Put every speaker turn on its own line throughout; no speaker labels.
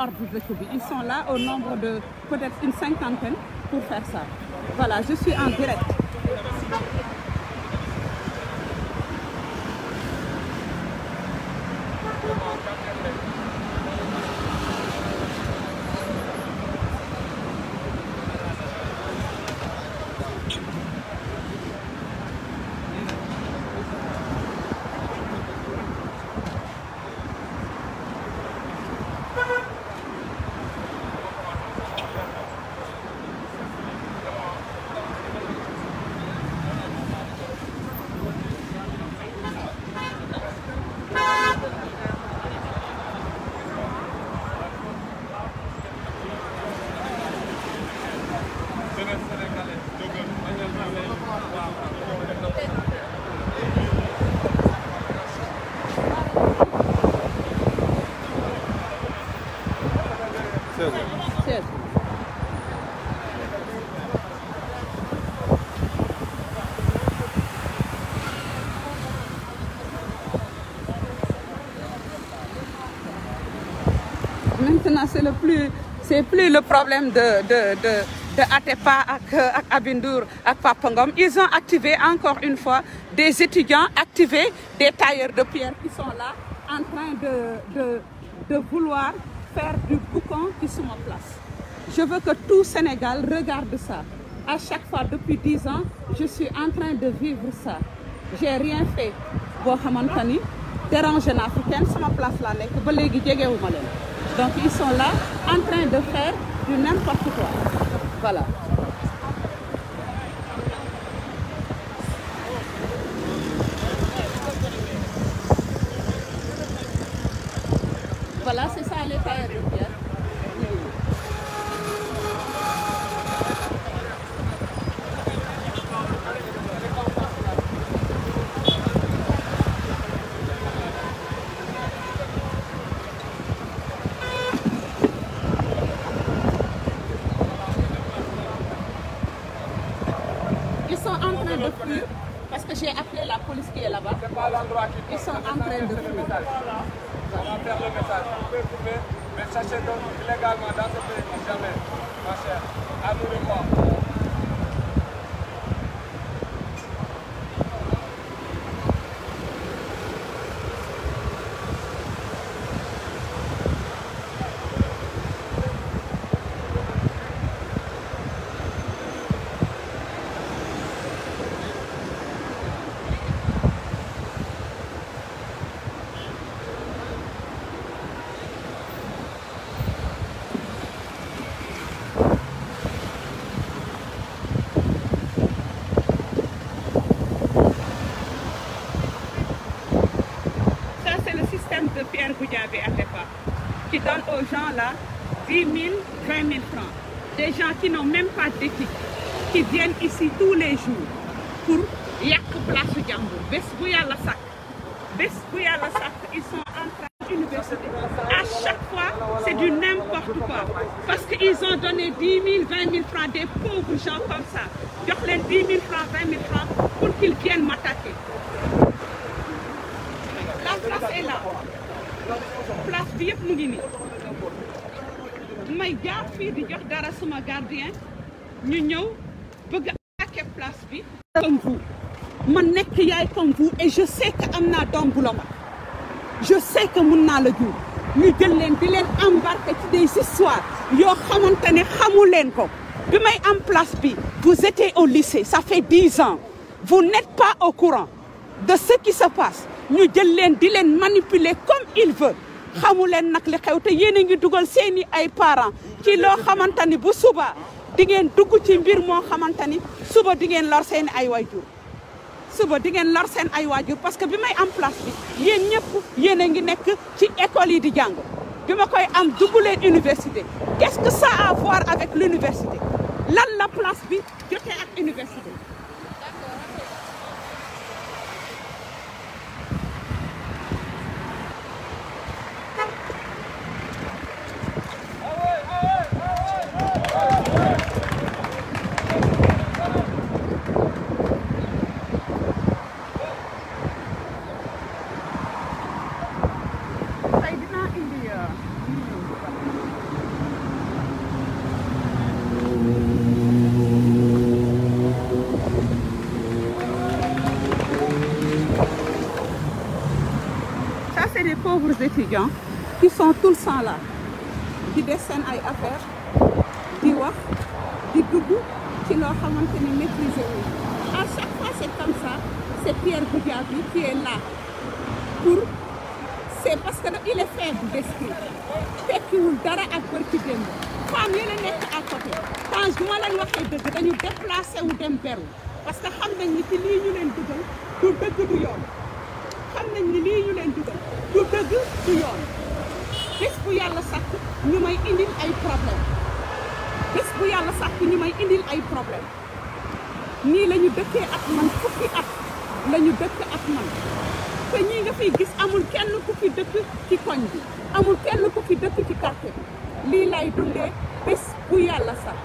hors du dëkk bi ils sont là au nombre de peut-être une cinquantaine pour faire ça voilà je suis en direct 16 maintenant c'est le le problème de de de de Atepa ak ak Abindour ils ont activé encore une fois des étudiants activés des tailleurs de pierre qui sont là en train de de vouloir faire du boucan qui sous ma place. Je veux que tout Sénégal regarde ça. À chaque fois depuis dix ans je suis en train de vivre ça. J'ai rien fait boo xamante ni dérangé naa fi kenn sama place laa nekk ba léegi jegewuma leen donc ils sont là en train de faire du n'importe quoi voilà. Voilà, c'est ça les tailleurs de pierre. Ils sont en train de fuir parce que j'ai appelé la police qui est là-bas. Ils sont en train de fuir. à faire le message. Vous pouvez trouver, mais sachez que légalement dans ce pays, jamais, ma chère, à nous qui donnent aux gens là Des gens qui n'ont même pas d'éthique, qui viennent ici tous les jours pour yàq place jàmbur bés bu ils sont en à chaque fois c'est du n'importe quoi parce que ont donné des pauvres gens comme ça jox leen 10 000 francs pour qu'ils viennent m'attaquer place bi yëpp mu ngi nii may jaar di jox dara suma gardien ñu ñëw bëgg attaquer place bi comme vous ma nekk yaay comme vous et je sais que am naa doom je sais que mun naa la jur ñu jël leen di leen embarquer ci des histoires yoo xamante ne xamu leen ko bi may am place bi vous étiez au lycée ça fait dix ans vous n'êtes pas au courant de ce qui se passe ñu jël di leen manipuler comme il veut xamu leen nag li xew te yéen a ngi dugal seeni ay parents ci loo xamante ni bu suba di ngeen dugg ci mbir moo xamante ni suba dingeen ngeen seeni ay waajur suba di ngeen lor seen ay waajur parce que bi may am place bi yéen ñëpp yéen a ngi nekk ci école yi di jàng bi ma koy am dugg leen université qu'est-ce que ça a à avec l'université lan la place bi jotee ak université les pauvres étudiants qui sont tout le temps là di def ay affaires di wax di dugg ci loo xamante ni maîtriser wu à chaque fois c'est comme ça c'est Pierre Goudiaby qui est là pour c'est parce que il est faible d'esprit tekkiwul dara ak barki démb femme yi la nekk à côté Tange bu ma leen waxee dëgg dañu déplacé dem beru parce que xam nañ ci lii ñu leen dugal du dëgg du yoon xam nañ lii ñu leen dugal sàkk ñu may indil ay problème nii lañu ñu dëkkee ak man fukki at la dëkk ak man te ñii nga fiy gis amul kenn ku fi dëkk ci koñ bi amul kenn ku fi dëkk ci quartier bi lii lay dundee bés bu yàlla sax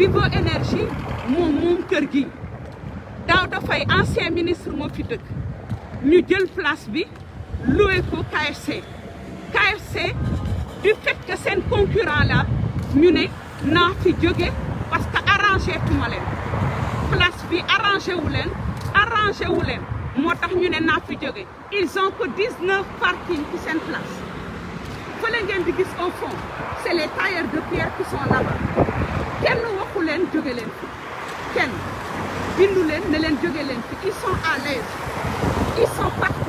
Vivo Énergie moom moom kër gi daaw dafay ancien ministre moo fi dëkk ñu jël place bi loué ko KFC KFC du fait que seen concurrent la ñu ne naa fi jóge parce que arrangé tuma place bi arrangé wu moo tax ñu ne naa fi jóge ils ont que 19 parking ci seen place fële ngeen gis au fond c'est les tailleurs de pierre qui sont là bindu leen ne leen jóge leen fi ils sont à l'aise ils sont partis